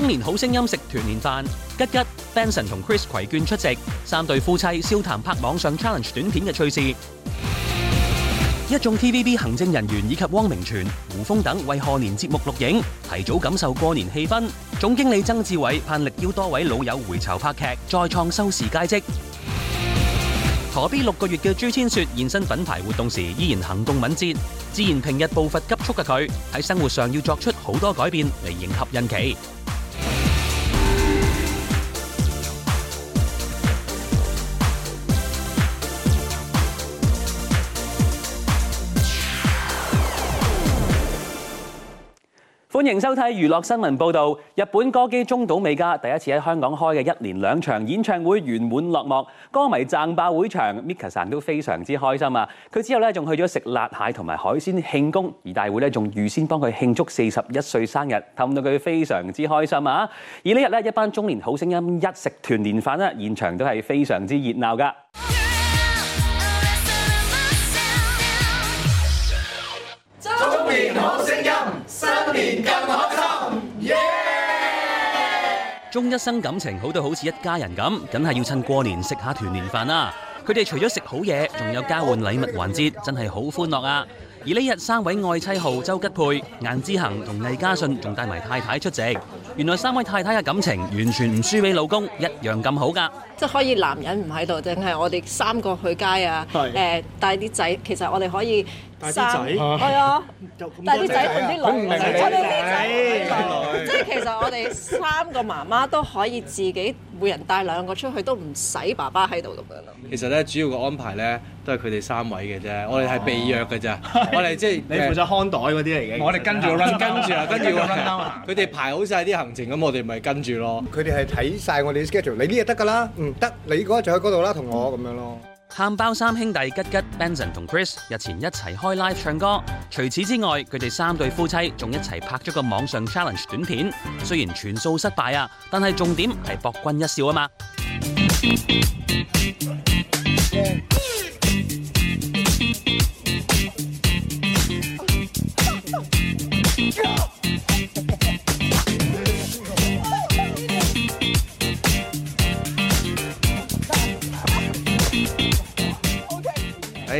中年好聲音食團年飯，吉吉、Benson 同 Chris 攜眷出席，三對夫妻笑談拍網上 challenge 短片嘅趣事。 一眾 TVB 行政人員以及汪明荃、胡楓等為賀年節目錄影，提早感受過年氣氛。總經理曾志偉盼力邀多位老友回巢拍劇，再創收視佳績。陀 B 六個月嘅朱千雪現身品牌活動時，依然行動敏捷。自然平日步伐急速嘅佢喺生活上要作出好多改變嚟迎合孕期。歡迎收睇娛樂新聞報道。日本歌姬中島美嘉第一次喺香港開嘅一年兩場演唱會圓滿落幕，歌迷讚爆會場，Mika 都非常之開心啊！佢之後咧仲去咗食辣蟹同埋海鮮慶功，而大會咧仲預先幫佢慶祝四十一歲生日，氹到佢非常之開心啊！而呢日咧一班中年好聲音一食團年飯啦，現場都係非常之熱鬧噶。年更開心，耶、yeah!！終一生感情好到好似一家人咁，梗係要趁過年食下團年飯啦。佢哋除咗食好嘢，仲有交換禮物環節，真係好歡樂啊！而呢日三位愛妻號周吉佩、顏之恒同魏嘉信仲帶埋太太出席。原來三位太太嘅感情完全唔輸俾老公，一樣咁好噶。即係可以男人唔喺度，淨係我哋三個去街啊。係誒是、呃，帶啲仔，其實我哋可以。三仔，係啊，但係啲仔伴啲女，即係其實我哋三個媽媽都可以自己每人帶兩個出去都爸爸，都唔使爸爸喺度咁樣咯。其實咧，主要個安排咧都係佢哋三位嘅啫，我哋係備約嘅啫，我哋即係你負責看袋嗰啲嚟嘅。我哋跟住，跟住啊，跟住個佢哋排好晒啲行程，咁我哋咪跟住咯。佢哋係睇晒我哋 schedule，你呢嘢得㗎啦，唔得你嗰就喺嗰度啦，同我咁樣咯。喊包三兄弟吉吉、Benzen 同 Chris 日前一齊開 live 唱歌，除此之外，佢哋三對夫妻仲一齊拍咗個網上 challenge 短片，雖然全數失敗啊，但係重點係博君一笑啊嘛。Yeah.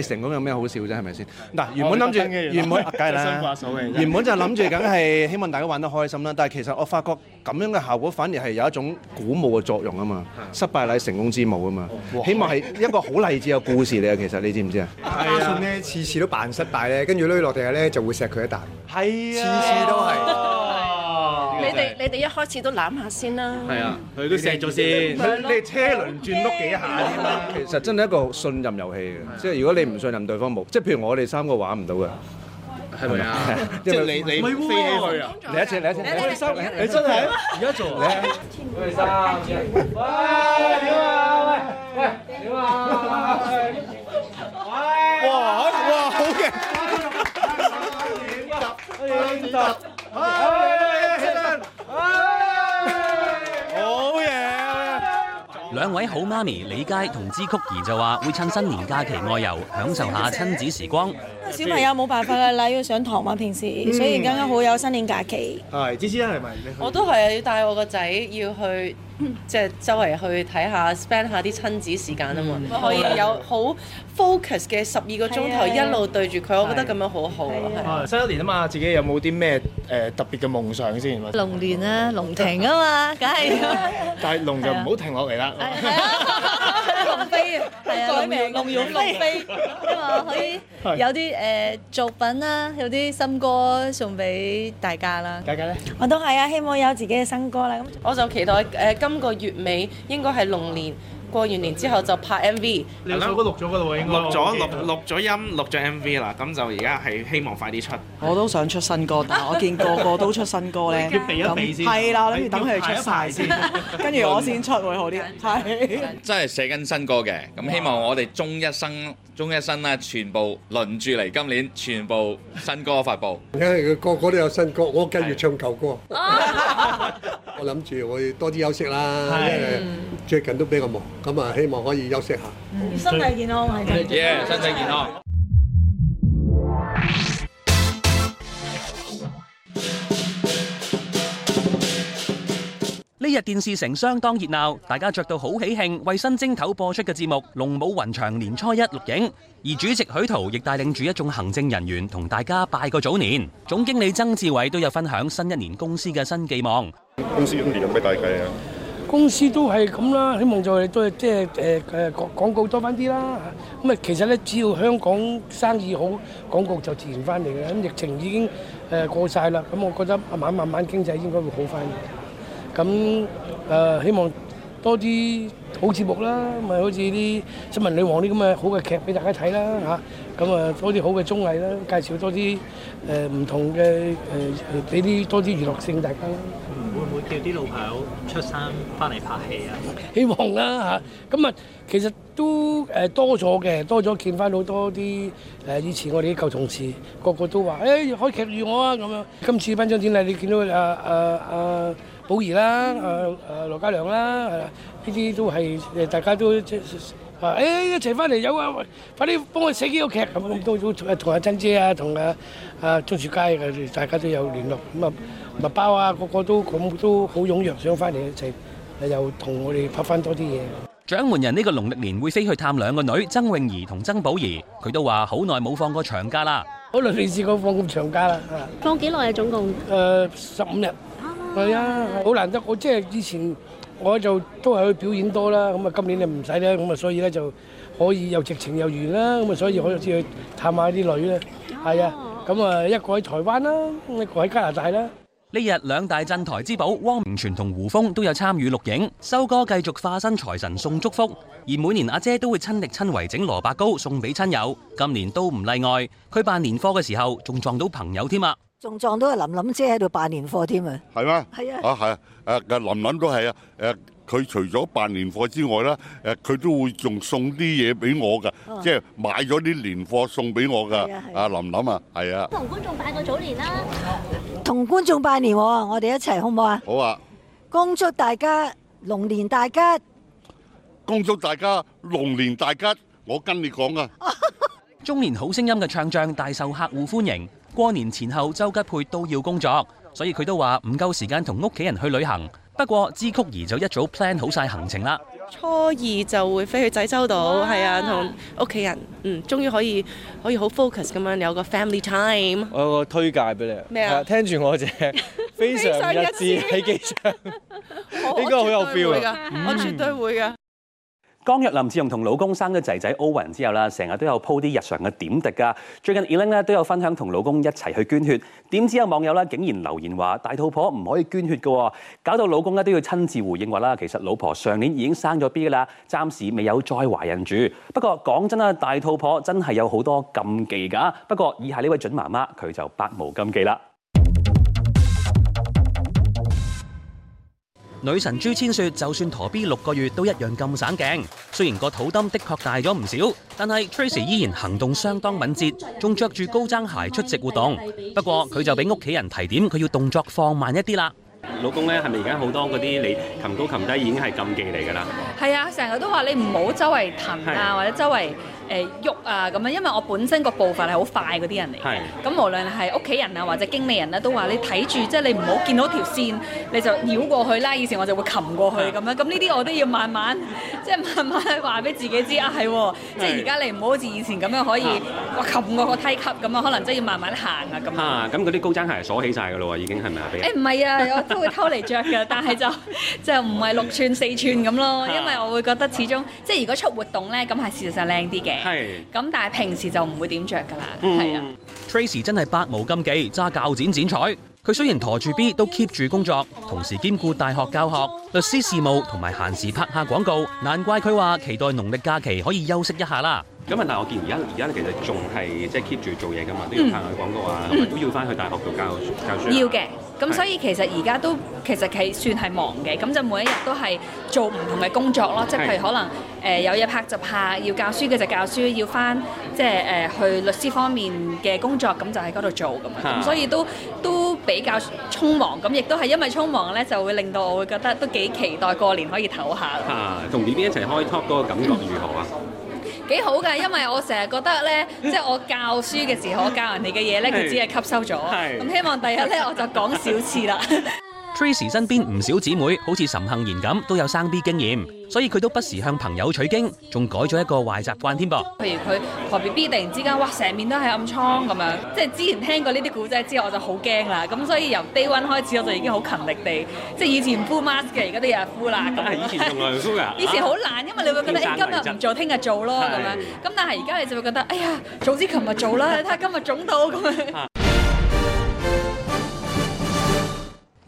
成功有咩好笑啫？係咪先？嗱，原本諗住，原本梗係啦，原本，原本，原本，就諗住，梗係，希望大家玩得開心啦，但係其實我發覺，咁樣嘅效果反而係有一種鼓舞嘅作用啊嘛，失敗乃成功之母啊嘛，希望係一個好勵志嘅故事嚟啊，其實你知唔知啊？係，就算呢，次次都扮失敗呢，跟住落地下呢，就會錫佢一啖。係啊，次次都係。你哋你哋一開始都諗下先啦。係啊，佢都錫咗先。你你車輪轉碌幾下先啦。其實真係一個信任遊戲嘅，即係如果你唔信任對方冇，即係譬如我哋三個玩唔到嘅，係咪啊？即係你你飛開去啊！你一隻，你一隻。我哋三，你真係？一組。我哋三，喂！點啊？喂！點啊？喂！哇哇，好勁。二點十，二點十，好。兩位好媽咪李佳同芝曲兒就話會趁新年假期外遊，享受下親子時光。 小朋友冇辦法啦，要上堂嘛，平時、啊，所以而家啱好有新年假期。係，芝芝係咪？嗯、你我都係啊，要帶我個仔要去。即係周圍去睇下，spend 下啲親子時間啊嘛，可以有好 focus 嘅十二個鐘頭一路對住佢，我覺得咁樣好好啊！新一年啊嘛，自己有冇啲咩誒特別嘅夢想先？龍年啊，龍庭啊嘛，梗係，但係龍就唔好停落嚟啦。飛 啊，龍勇龍勇飛，希望可以有啲誒是、呃、作品啦，有啲新歌送俾大家啦。佳佳咧，我都係啊，希望有自己嘅新歌啦。咁我就期待誒、呃，今個月尾應該係龍年。過完年之後就拍 MV，你首歌錄咗嗰度喎，應該錄咗錄錄咗音，錄咗 MV 啦，咁就而家係希望快啲出。我都想出新歌，但係我見個個都出新歌咧，要避一避先，係啦，諗住等佢哋出曬先，跟住我先出會好啲。係真係寫緊新歌嘅，咁希望我哋中一生、中一生咧，全部輪住嚟今年全部新歌發布。因為個個都有新歌，我更要唱舊歌。我諗住會多啲休息啦，因為最近都比較忙。咁啊，希望可以休息下。身體健康係身體健康。yeah，呢日電視城相當熱鬧，大家着到好喜慶，為新正頭播出嘅節目《龍舞雲翔》年初一錄影。而主席許濤亦帶領住一眾行政人員同大家拜個早年。總經理曾志偉都有分享新一年公司嘅新寄望。公司今年有咩大計啊？公司都係咁啦，希望就都係即係誒誒廣告多翻啲啦。咁啊，其實咧，只要香港生意好，廣告就自然翻嚟嘅。咁疫情已經誒過晒啦，咁、嗯、我覺得慢慢慢慢經濟應該會好翻。咁、嗯、誒、呃、希望多啲好節目啦，咪好似啲《新聞女王》啲咁嘅好嘅劇俾大家睇啦嚇。咁啊多啲好嘅綜藝啦，介紹多啲誒唔同嘅誒俾啲多啲娛樂性大家啦。叫啲老朋友出山翻嚟拍戲啊！希望啦、啊、嚇，咁啊、嗯、其實都誒多咗嘅，多咗見翻好多啲誒、呃、以前我哋啲舊同事，個個都話：誒、欸、開劇遇我啊咁樣。今次頒獎典禮，你見到阿阿阿寶兒啦，誒、啊、誒、啊、羅嘉良啦，係啦，呢啲都係誒大家都即。啊哎、啊！一齊翻嚟有啊！快啲幫我寫幾套劇咁咁同阿曾姐啊，同阿阿鍾澍佳，大家都有聯絡咁啊，麥包啊，個個都咁都好踴躍，想翻嚟一齊、啊、又同我哋拍翻多啲嘢。掌門人呢個農曆年會飛去探兩個女，曾詠儀同曾寶儀，佢都話好耐冇放過長假啦。好耐未試過放咁長假啦！放幾耐啊？總共誒十五日。係啊，好是是難得！我即係以前。我就都係去表演多啦，咁啊今年就唔使啦，咁啊所以咧就可以又直情又完啦，咁啊所以可以先去探下啲女啦。係啊，咁啊一個喺台灣啦，一個喺加拿大啦。呢日兩大鎮台之寶汪明荃同胡楓都有參與錄影，修哥繼續化身財神送祝福，而每年阿姐都會親力親為整蘿蔔糕送俾親友，今年都唔例外。佢辦年貨嘅時候仲撞到朋友添啊！仲撞到阿琳琳姐喺度辦年貨添嗎啊！係咩？啊？係啊，啊！啊係啊！誒，琳琳都係啊！誒，佢除咗辦年貨之外咧，誒，佢都會仲送啲嘢俾我噶，即係買咗啲年貨送俾我噶。阿琳琳啊，係啊！同、啊、觀眾拜個早年啦、啊，同觀眾拜年喎、啊！我哋一齊好唔好？好啊？好啊！恭祝大家龍年大吉！恭祝大家龍年大吉！我跟你講啊， 中年好聲音嘅唱將大受客戶歡迎。過年前後，周吉佩都要工作，所以佢都話唔夠時間同屋企人去旅行。不過芝曲兒就一早 plan 好晒行程啦。初二就會飛去濟州島。係啊，同屋企人，嗯，終於可以可以好 focus 咁樣有個 family time。我個推介俾你啊，咩啊，聽住我啫，非常一致喺機場，應該好有 feel 我絕、嗯、對會噶。江若琳自從同老公生咗仔仔 Owen 之後啦，成日都有鋪啲日常嘅點滴㗎。最近 Elanne 咧都有分享同老公一齊去捐血，點知有網友咧竟然留言話大肚婆唔可以捐血㗎，搞到老公咧都要親自回應話啦。其實老婆上年已經生咗 B 啦，暫時未有再懷孕住。不過講真啦，大肚婆真係有好多禁忌㗎。不過以下呢位準媽媽佢就百無禁忌啦。女神朱千雪就算陀 B 六個月都一樣咁省鏡，雖然個肚擔的確大咗唔少，但係 Tracy 依然行動相當敏捷，仲着住高踭鞋出席活動。不過佢就俾屋企人提點，佢要動作放慢一啲啦。老公咧，係咪而家好多嗰啲你擒高擒低已經係禁忌嚟㗎啦？係啊，成日都話你唔好周圍騰啊，啊或者周圍。誒喐、欸、啊咁樣，因為我本身個步伐係好快嗰啲人嚟，咁是無論係屋企人啊或者經理人咧、啊，都話你睇住，即係你唔好見到條線，你就繞過去啦。以前我就會擒過去咁樣，咁呢啲我都要慢慢，即、就、係、是、慢慢話俾自己知 啊，係喎，即係而家你唔好好似以前咁樣可以擒 過個梯級咁啊，可能真係要慢慢行啊咁。嚇，咁嗰啲高踭鞋鎖起晒㗎啦喎，已經係咪、欸、啊？誒唔係啊，我都會偷嚟着㗎， 但係就就唔係六寸四寸咁咯，因為我會覺得始終 即係如果出活動呢，咁係事實上靚啲嘅。係，咁是但係平時就唔會點着噶啦，係、嗯、啊。Tracy 真係百無禁忌，揸鉸剪剪彩。佢雖然陀住 B，都 keep 住工作，同時兼顧大學教學、律師事務同埋閒時拍下廣告。難怪佢話期待農曆假期可以休息一下啦。咁啊！但係我見而家而家咧，其實仲係即係 keep 住做嘢噶嘛，都要拍下廣告啊，都要翻去大學度教教書。要嘅，咁所以其實而家都其實係算係忙嘅，咁就每一日都係做唔同嘅工作咯。即係譬如可能誒有嘢拍就拍，要教書嘅就教書，要翻即係誒去律師方面嘅工作，咁就喺嗰度做咁啊。咁所以都都比較匆忙，咁亦都係因為匆忙咧，就會令到我會覺得都幾期待過年可以唞下。啊，同 BB 一齊開 talk 嗰個感覺如何啊？幾好㗎，因為我成日覺得咧，即係我教書嘅時候，我教人哋嘅嘢咧，佢只係吸收咗。咁 希望第日咧，我就講少次啦。 Tracy 身邊唔少姊妹好似岑杏賢咁，都有生 B 經驗，所以佢都不時向朋友取經，仲改咗一個壞習慣添噃。譬如佢同 B B 突然之間，哇，成面都係暗瘡咁樣。即係之前聽過呢啲古仔之後，我就好驚啦。咁所以由 Day One 開始，我就已經好勤力地，即係以前唔敷 mask 嘅，而家都日日敷啦。咁啊，以前從來唔敷 以前好難，因為你會覺得、啊、哎，今日唔做，聽日做咯咁的樣。咁但係而家你就會覺得，哎呀，早知琴日做啦，你睇下今日腫到咁樣。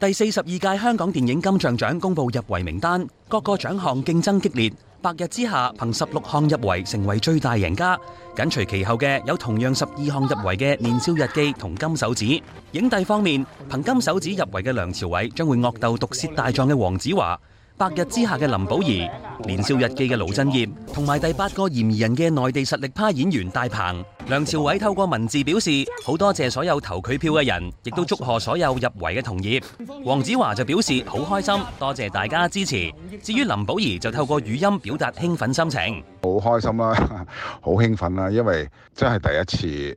第四十二屆香港電影金像獎公布入圍名單，各個獎項競爭激烈。白日之下，憑十六項入圍成為最大贏家。緊隨其後嘅有同樣十二項入圍嘅《年少日記》同《金手指》。影帝方面，憑《金手指》入圍嘅梁朝偉將會惡鬥毒舌大狀嘅黃子華。白日之下嘅林保怡，年少日記嘅盧鎮業，同埋第八個嫌疑人嘅內地實力派演員大鵬，梁朝偉透過文字表示好多謝所有投佢票嘅人，亦都祝賀所有入圍嘅同業。黃子華就表示好開心，多謝大家支持。至於林保怡就透過語音表達興奮心情，好開心啦，好興奮啦，因為真係第一次誒、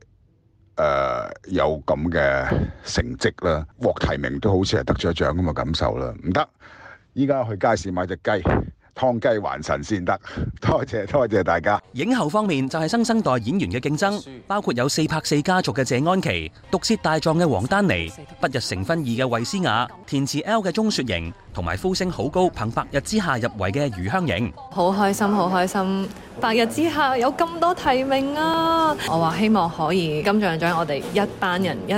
呃、有咁嘅成績啦，獲提名都好似係得咗獎咁嘅感受啦，唔得。依家去街市買隻雞，劏雞還神先得。多謝多謝大家。影后方面就係、是、新生，生代演員嘅競爭，包括有四拍四家族嘅謝安琪、毒舌大狀嘅王丹妮、不日成婚二嘅衛詩雅、填詞 L 嘅鍾雪瑩，同埋呼聲好高，憑《白日之下入圍》入圍嘅余香瑩。好開心，好開心！《白日之下》有咁多提名啊！我話希望可以金像獎，我哋一班人一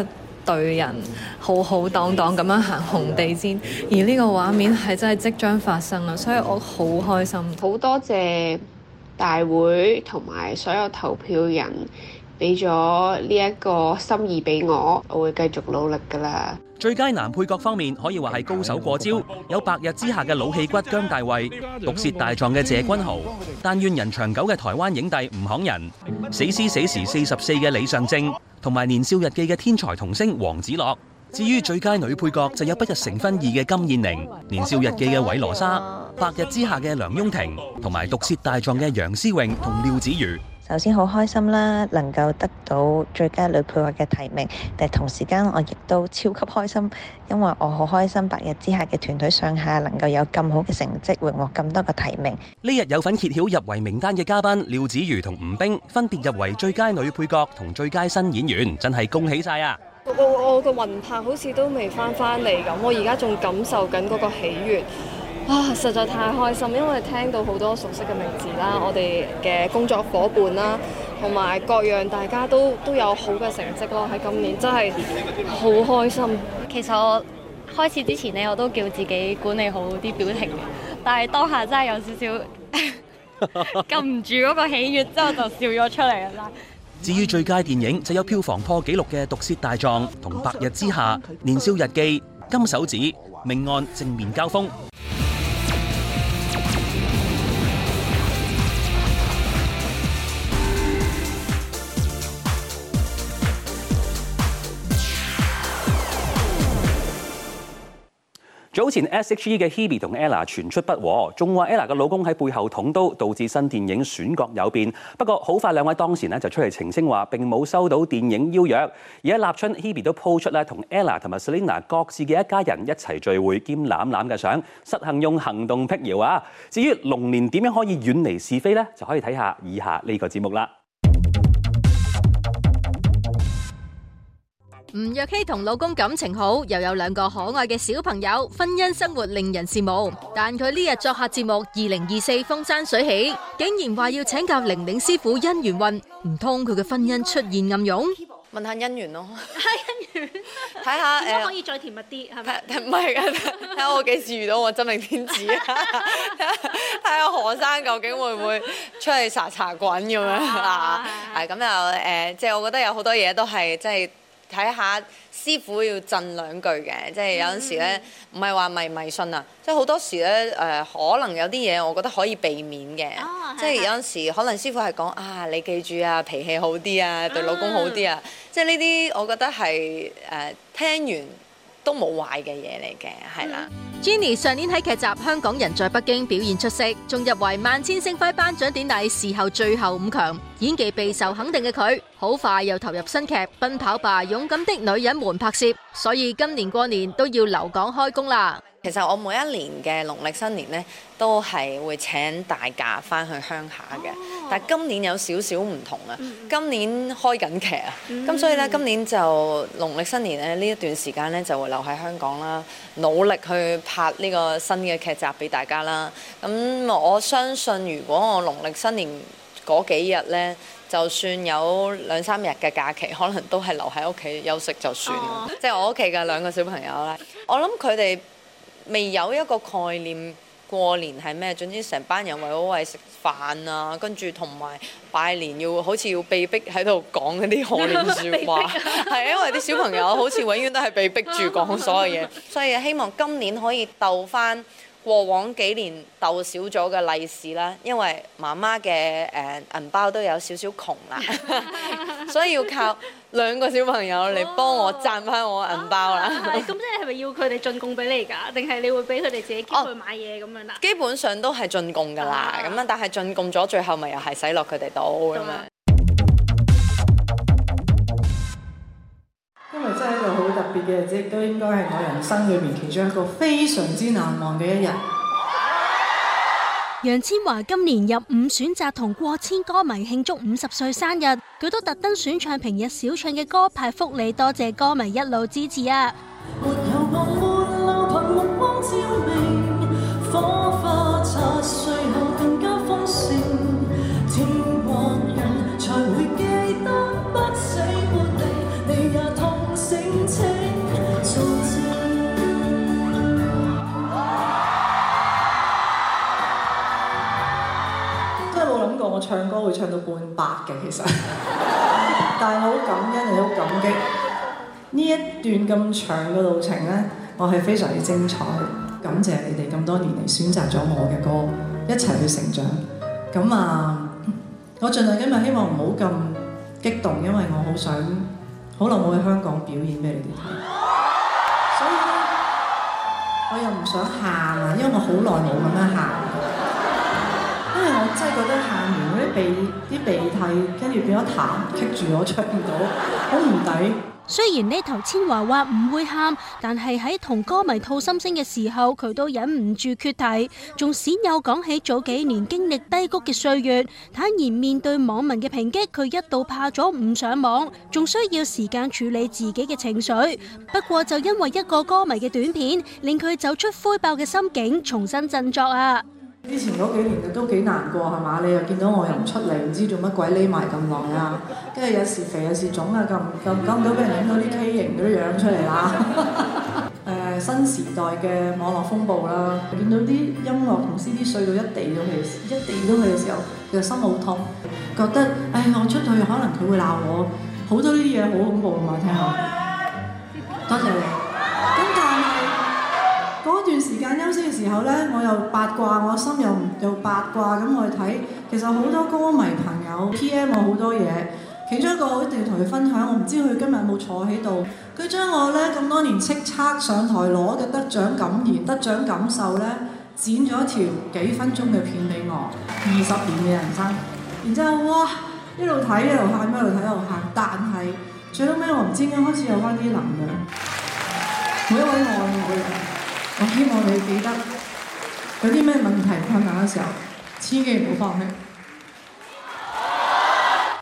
隊人浩浩蕩蕩咁樣行紅地毯，嗯、而呢個畫面係真係即將發生啦，所以我好開心。好多謝大會同埋所有投票人俾咗呢一個心意俾我，我會繼續努力噶啦。最佳男配角方面，可以話係高手過招，有白日之下嘅老戲骨姜大衛、毒舌大狀嘅謝君豪、但願人長久嘅台灣影帝吳慷仁、死屍死時四十四嘅李尚正，同埋年少日記嘅天才童星黃子樂。至於最佳女配角，就有不日成婚二嘅金燕玲、年少日記嘅韋羅莎、白日之下嘅梁雍婷，同埋毒舌大狀嘅楊思穎同廖子瑜。首先好開心啦，能夠得到最佳女配角嘅提名，但同時間我亦都超級開心，因為我好開心白日之下嘅團隊上下能夠有咁好嘅成績，榮獲咁多嘅提名。呢日有份揭曉入圍名單嘅嘉賓廖子妤同吳冰，分別入圍最佳女配角同最佳新演員，真係恭喜晒啊！我我個魂魄好似都未翻返嚟咁，我而家仲感受緊嗰個喜悅。啊！實在太開心，因為聽到好多熟悉嘅名字啦，我哋嘅工作夥伴啦，同埋各樣大家都都有好嘅成績咯。喺今年真係好開心。其實我開始之前呢，我都叫自己管理好啲表情，但係當下真係有少少禁唔 住嗰個喜悅，之後就笑咗出嚟啦。至於最佳電影，就有票房破紀錄嘅《毒舌大狀》同《白日之下》、《年少日記》、《金手指》、《命案正面交鋒》。早前 SHE 嘅 Hebe 同 Ella 傳出不和，仲話 Ella 嘅老公喺背後捅刀，導致新電影選角有變。不過好快兩位當時呢就出嚟澄清話並冇收到電影邀約。而喺立春，Hebe 都鋪出咗同 Ella 同埋 Selina 各自嘅一家人一齊聚會兼攬攬嘅相，實行用行動辟謠啊。至於龍年點樣可以遠離是非呢？就可以睇下以下呢個節目啦。吳若希同老公感情好,又有兩個可愛嘅小朋友,婚姻生活令人羨慕.但佢呢日作客節目,二零二四風生水起,竟然話要請教玲玲師傅,姻緣運,唔通佢嘅婚姻出現暗湧？問下姻緣囉，睇姻緣，睇下，呃， 睇下，可以再甜蜜啲係咪？唔係噶，睇下我幾時遇到,我真命天子。睇下師傅要震兩句嘅，即係有陣時咧，唔係話迷迷信啊，即係好多時咧誒、呃，可能有啲嘢我覺得可以避免嘅，哦、即係有陣時、嗯、可能師傅係講啊，你記住啊，脾氣好啲啊，對老公好啲啊，嗯、即係呢啲我覺得係誒、呃、聽完都冇壞嘅嘢嚟嘅，係啦。嗯。Jenny 上年喺劇集《香港人在北京》表現出色，仲入圍萬千星輝頒獎典禮視后最後五強，演技備受肯定嘅佢，好快又投入新劇《奔跑吧勇敢的女人們》拍攝，所以今年過年都要留港開工啦。其實我每一年嘅農曆新年呢，都係會請大假翻去鄉下嘅。但今年有少少唔同啊！嗯、今年開緊劇啊，咁、嗯、所以咧今年就農曆新年咧呢一段時間咧就會留喺香港啦，努力去拍呢個新嘅劇集俾大家啦。咁我相信如果我農曆新年嗰幾日咧，就算有兩三日嘅假期，可能都係留喺屋企休息就算，即係、哦、我屋企嘅兩個小朋友啦，我諗佢哋未有一個概念。過年係咩？總之成班人為為食飯啊，跟住同埋拜年要好似要被逼喺度講嗰啲可憐説話，係 因為啲小朋友好似永遠都係被逼住講所有嘢， 所以希望今年可以鬥返。過往幾年鬥少咗嘅利是啦，因為媽媽嘅誒、呃、銀包都有少少窮啦， 所以要靠兩個小朋友嚟幫我哇賺翻我銀包啦。咁即係係咪要佢哋進貢俾你㗎？定係你會俾佢哋自己 keep 去買嘢咁樣啊？基本上都係進貢㗎啦，咁啊，但係進貢咗最後咪又係使落佢哋度咁啊。嗯。今日真係一個好特別嘅日子，亦都應該係我人生裏面其中一個非常之難忘嘅一日。楊千嬅今年入伍，選擇同過千歌迷慶祝五十歲生日，佢都特登選唱平日少唱嘅歌，派福利多謝歌迷一路支持啊！唱歌會唱到半百嘅，其實， 但係我好感恩，你好感激呢 一段咁長嘅路程呢，我係非常之精彩，感謝你哋咁多年嚟選擇咗我嘅歌，一齊去成長。咁啊，我儘量今日希望唔好咁激動，因為我好想好耐冇去香港表演俾你哋睇，所以我又唔想喊，因為我好耐冇咁樣喊。我真係覺得喊完嗰啲鼻啲鼻涕，跟住變咗痰，棘住我出唔到，好唔抵。雖然呢頭千華話唔會喊，但係喺同歌迷吐心聲嘅時候，佢都忍唔住決堤，仲鮮有講起早幾年經歷低谷嘅歲月。坦然面對網民嘅抨擊，佢一度怕咗唔上網，仲需要時間處理自己嘅情緒。不過就因為一個歌迷嘅短片，令佢走出灰爆嘅心境，重新振作啊！之前嗰幾年都幾難過係嘛？你又見到我又唔出嚟，唔知做乜鬼匿埋咁耐啊！跟住有時肥有時腫啊，咁咁搞唔到俾人影到啲畸形嗰啲樣出嚟啦。誒、 呃，新時代嘅網絡風暴啦，見到啲音樂同 CD 碎到一地咁，其實一地到佢嘅時候，其實心好痛，覺得唉、哎，我出去可能佢會鬧我，好多呢啲嘢好恐怖啊嘛！聽下，多謝你。嗰段時間休息嘅時候呢，我又八卦，我心又又八卦咁，我睇其實好多歌迷朋友 PM 我好多嘢。其中一個我一定要同佢分享，我唔知佢今日有冇坐喺度。佢將我呢咁多年叱咤上台攞嘅得，得獎感言、得獎感受呢，剪咗一條幾分鐘嘅片俾我，二十年嘅人生。然之後哇，一路睇一路喊，一路睇一路喊。但係最後尾，我唔知點解開始有翻啲能量。 每一位愛我嘅人。 我希望你記得，有啲咩問題困難嘅時候，千祈唔好放棄。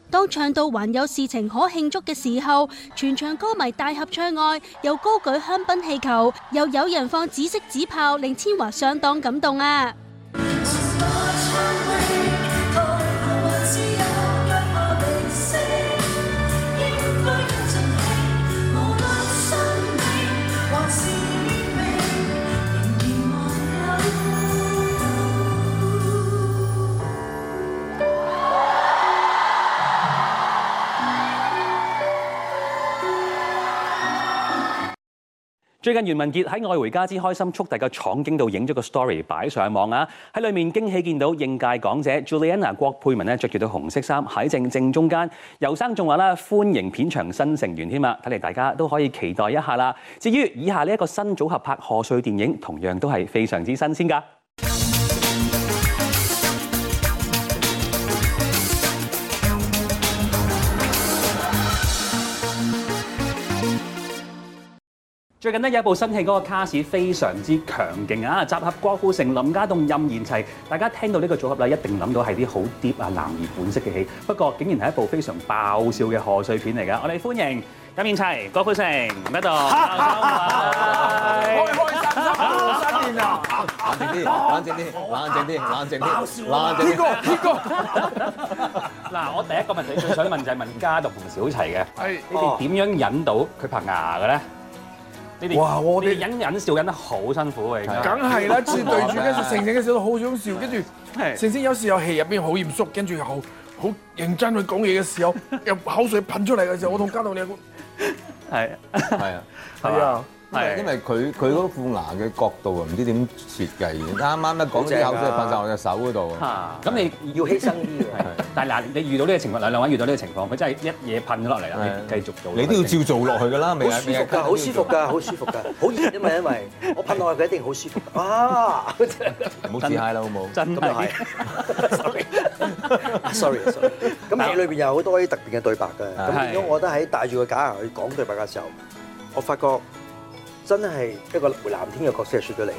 當 唱到還有事情可慶祝嘅時候，全場歌迷大合唱外，又高舉香檳氣球，又有人放紫色紙炮，令千嬅相當感動啊！最近袁文傑喺《愛回家之開心速遞》嘅廠景度影咗個 story 擺上網啊！喺裡面驚喜見到應屆港姐 Juliana 郭佩文咧著住對紅色衫喺正正中間。尤生仲話啦：歡迎片場新成員添啊！睇嚟大家都可以期待一下啦。至於以下呢一個新組合拍賀歲電影，同樣都係非常之新鮮㗎。最近呢有一部新戲的卡士非常之強勁啊，集合郭富城、林家棟、任賢齊。大家聽到呢個組合呢，一定諗到係啲好 deep 啊、男兒本色嘅戲。不過竟然係一部非常爆笑嘅賀歲片嚟㗎。我哋歡迎任賢齊、郭富城喺度。開開心心，冷靜啲，冷靜啲，冷靜啲，冷靜啲，冷靜啲。嗱，我第一個問題最想問就係問家棟同小齊嘅，你哋點樣引到佢拍牙嘅呢？ 些哇！我哋忍忍笑忍得好辛苦啊，而家。梗係啦，次對住嘅成成笑到好想笑，跟住成成有時候戲入邊好嚴肅，跟住好好認真去講嘢嘅時候，有口水噴出嚟嘅時候，我同家棠，你係啊！係啊！係啊！因為佢佢嗰副牙嘅角度啊，唔知點設計嘅。啱啱一講啲口水噴晒我隻手嗰度，咁你要犧牲啲嘅。但嗱，你遇到呢個情況，兩兩位遇到呢個情況，佢真係一嘢噴落嚟啦，你繼續做，你都要照做落去㗎啦。未舒服㗎，好舒服㗎，好舒服㗎，好熱啊嘛，因為我噴落去佢一定好舒服啊。唔好自嗨啦，好冇。真係。咁又係。Sorry，sorry。咁裏邊有好多啲特別嘅對白㗎。咁變咗，我覺得喺戴住個假牙去講對白嘅時候，我發覺。真係一個藍天嘅角色說咗嚟，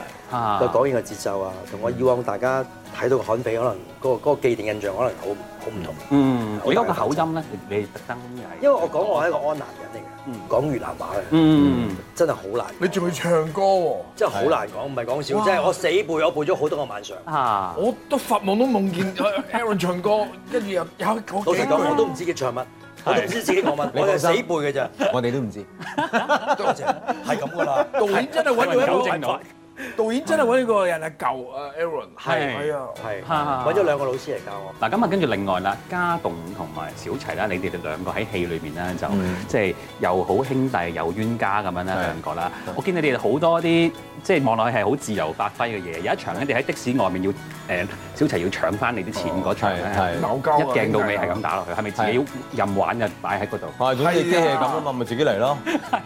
又改變個節奏啊！同我以往大家睇到嘅罕比，可能嗰個嗰個既定印象可能好好唔同。嗯，我而家個口音咧，未特登嘅，因為我講我係一個安南人嚟嘅，講越南話嘅，嗯，真係好難。你仲要唱歌喎！真係好難講，唔係講笑，即係我死背，我背咗好多個晚上。啊！我都發夢都夢見 Aaron 唱歌，跟住又有一個，老實講，我都唔知佢唱乜。唔知自己講乜，我哋死背嘅啫，我哋都唔知。多謝，係咁嘅啦。導演真係揾咗一個辦法，導演真係揾咗一個人嚟教啊，Aaron。係，係啊，係。揾咗兩個老師嚟教我。嗱，咁啊，跟住另外啦，家棟同埋小齊啦，你哋兩個喺戲裏面咧就即係又好兄弟又冤家咁樣咧，兩個啦。我見你哋好多啲即係望落去係好自由發揮嘅嘢。有一場你哋喺的士外面要。誒，小齊要搶翻你啲錢嗰場，係扭交，一鏡到尾係咁打落去，係咪自己任玩啊？擺喺嗰度，係咁你機係咁啊嘛，咪自己嚟咯，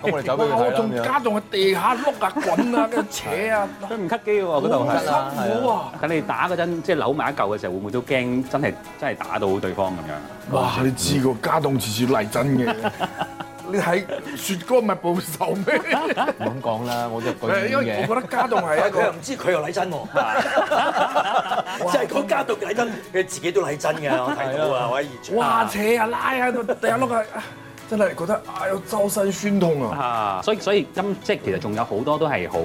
我哋走俾佢係仲加棟喺地下碌啊、滾啊、扯啊，佢唔 cut 機喎，嗰度唔好啊！哇，咁你打嗰陣即係扭埋一嚿嘅時候，會唔會都驚真係真係打到對方咁樣？哇，你知個加棟次次嚟真嘅。你睇雪哥咪報仇咩？唔好講啦，我就覺得。嘢。因為我覺得嘉棟係一個唔 知佢又禮真喎、哦 哇，即係講嘉棟禮真，佢自己都禮真㗎。我睇到啊，喺現場。哇！扯啊拉啊，第一碌啊，真係覺得哎呀周身酸痛啊。啊！所以所以今即係其實仲有好多都係好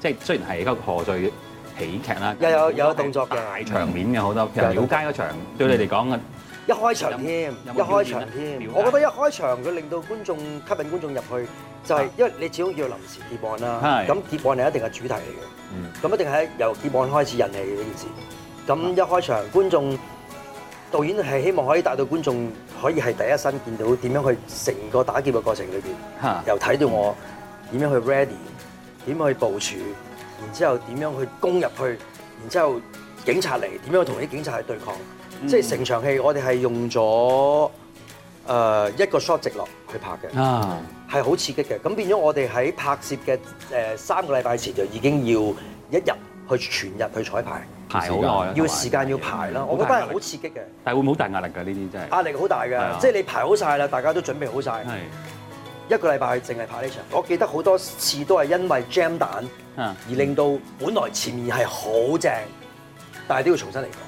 即係雖然係一個賀歲喜劇啦，又有有動作嘅大場面嘅好多。人妖街嗰場，有的 個場對你嚟講啊？一開場添，一開場添，我覺得一開場佢令到觀眾吸引觀眾入去，就係因為你始終叫臨時結案啦。咁結案係一定係主題嚟嘅，咁一定係由結案開始引起嘅呢件事。咁一開場，觀眾導演係希望可以帶到觀眾可以係第一身見到點樣去成個打劫嘅過程裏邊，又睇到我點樣去 ready，點樣去部署，然之後點樣去攻入去，然之後警察嚟，點樣同啲警察去對抗。即係成場戲，我哋係用咗誒一個 shot 直落去拍嘅，係好、啊、刺激嘅。咁變咗我哋喺拍攝嘅誒三個禮拜前就已經要一日去全日去彩排，排好耐，要時間要排啦。排我覺得係好刺激嘅。但係會唔會好大壓力㗎？呢啲真係壓力好大㗎。即係是的 你排好晒啦，大家都準備好曬，是的 一個禮拜淨係拍呢場。我記得好多次都係因為 jam 彈而令到本來前面係好正，但係都要重新嚟過。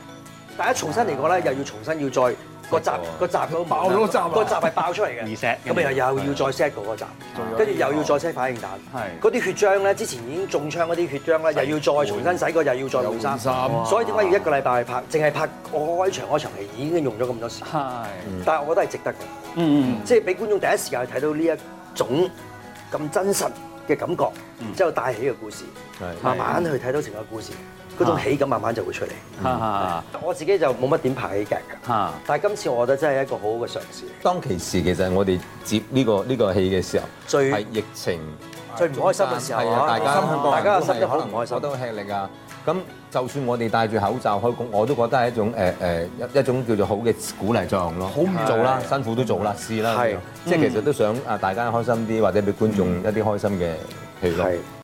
第一，重新嚟過咧，又要重新要再個集個集都爆咗集，個集係爆出嚟嘅。咁又又要再 set 過個集，跟住又要再 set 反應彈。係。嗰啲血漿咧，之前已經中槍嗰啲血漿咧，又要再重新洗過，又要再換衫。衫，所以點解要一個禮拜去拍？淨係拍開場嗰場戲已經用咗咁多時間。係。但係我覺得係值得嘅。嗯。即係俾觀眾第一時間去睇到呢一種咁真實嘅感覺，之後帶起個故事，慢慢去睇到成個故事。嗰種喜感慢慢就會出嚟。我自己就冇乜點拍喜劇㗎。但係今次我覺得真係一個好好嘅嘗試。當其時其實我哋接呢個呢個戲嘅時候，係疫情最唔開心嘅時候，大家大家心都可能唔開心，我都吃力啊。咁就算我哋戴住口罩開工，我都覺得係一種誒誒一一種叫做好嘅鼓勵作用咯。好唔做啦，辛苦都做啦，試啦。即係其實都想啊，大家開心啲，或者俾觀眾一啲開心嘅戲咯。